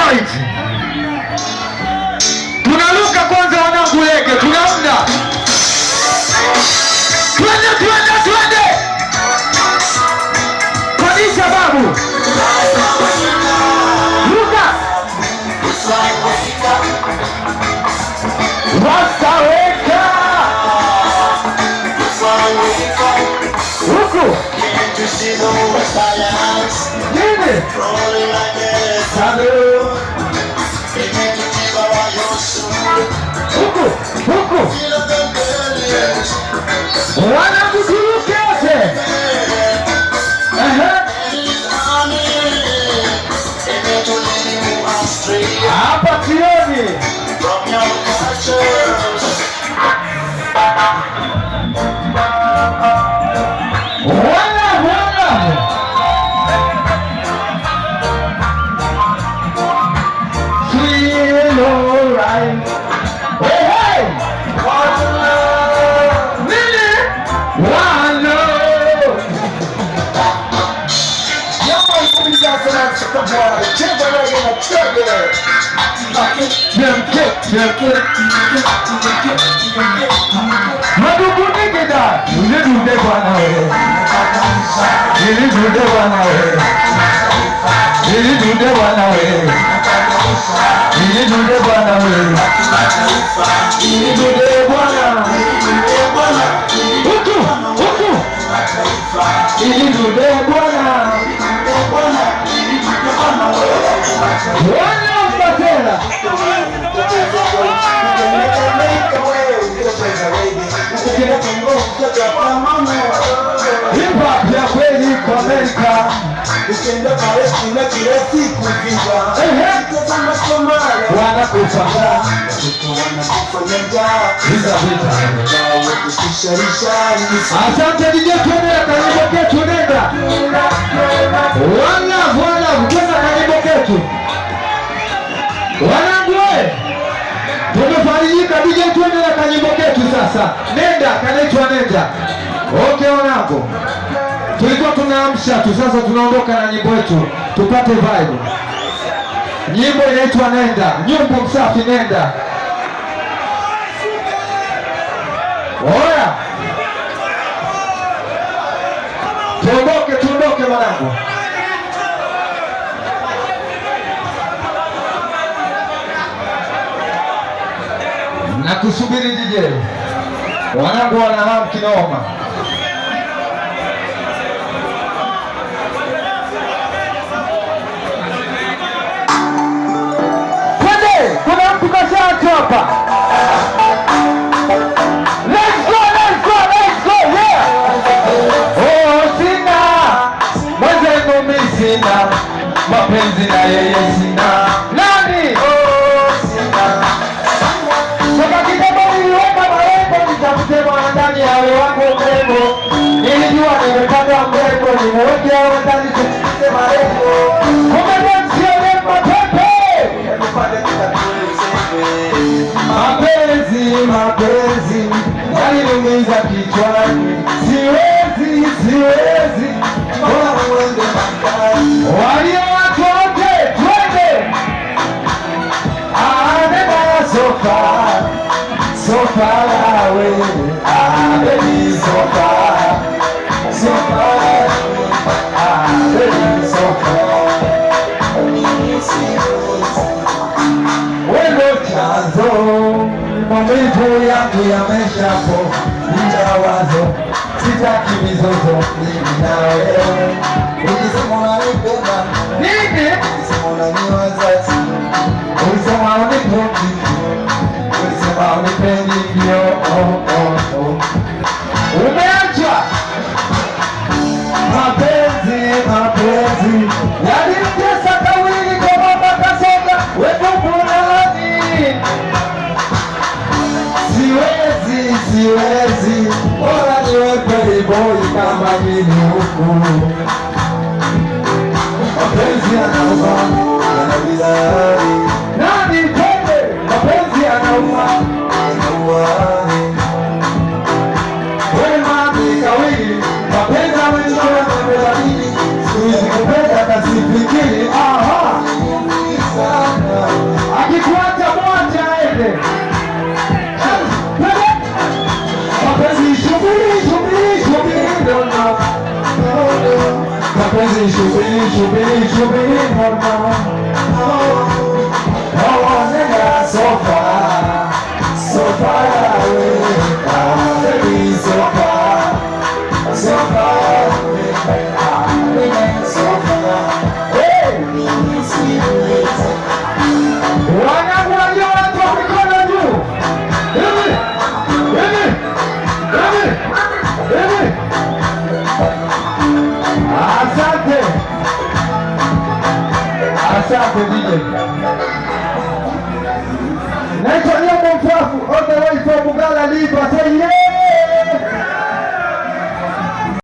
noise. Tunaruka kwanza, wanangu lege, tuna muda. Twende, twende, twende, kabisa babu, ruka wasaweka huku nini Thank you. 제발하게나 추하게 나도 보내게다 눈에 눈대 관하해 이리 눈대 관하해 이리 눈대 관하해 이리 눈대 관하해 이리 눈대 ukienda Palestina na kila siku vita kama Somalia wanakufa watoto wanakufa njaa Asante DJ Kenera, karibu ketu, nenda wala wala mkenda, karibu ketu wanangu, wewe tumefarijika. DJ Kenera, karibu ketu sasa, nenda kanaitwa nenda. Okay wanangu tulikuwa tunaamsha tu, sasa tunaondoka na nyimbo yetu, tupate vibe. Nyimbo inaitwa Nenda, nyumbu msafi, nenda. Oya, tuondoke, tuondoke mwanangu. Nakusubiri DJ, wanangu wana hamu kinoma. Maumivu yangu yameshapo nja wazo, sitaki mpenzi, bora niwe playboy kama mimi huku. Mapenzi yanauma, yanabidai nani pende, mapenzi yanauma সুবিনি সুবিনি সুবিনি ধর্ম chake DJ. Naitwa Nyomo Mfafu, all the way from Bugala Lipa, say yeah.